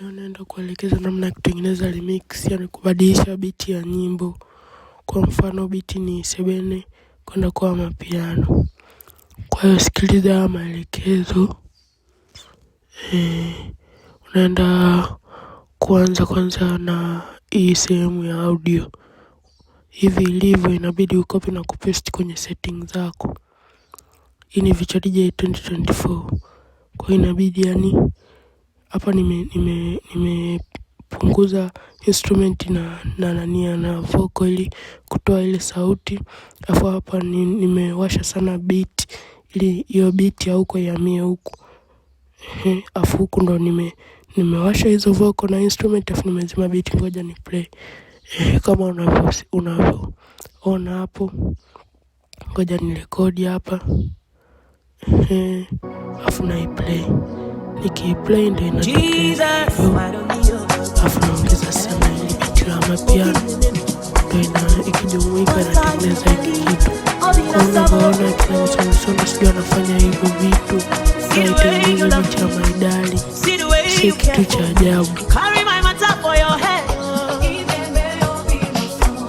Leo naenda kuelekeza namna ya kutengeneza remix yaani kubadilisha biti ya nyimbo. Kwa mfano biti ni sebene kwenda kwa mapiano. Kwa hiyo sikiliza haya maelekezo. Eh, unaenda kuanza kwanza na hii sehemu ya audio. Hivi ilivyo inabidi ukopi na kupaste kwenye settings zako. Hii ni Virtual 2024 kwa hiyo inabidi yani hapa nimepunguza instrument na nania na voko ili kutoa ile sauti alafu hapa nimewasha sana beat ili hiyo beat ya huko ihamie huku afu huku ndo nimewasha hizo voko na instrument afu nimezima beat ngoja ni play kama unavyoona hapo ngoja ni rekodi hapa alafu naiplay ikiplay ndio inatokea, alafu naongeza sana ikiwa mapiano ndio ina ikijumuika natengeneza hiki kitu kaunavaona kinamsonasona, sijui anafanya hivyo vitu naitengeneza vitu ya maidali, si kitu cha ajabu.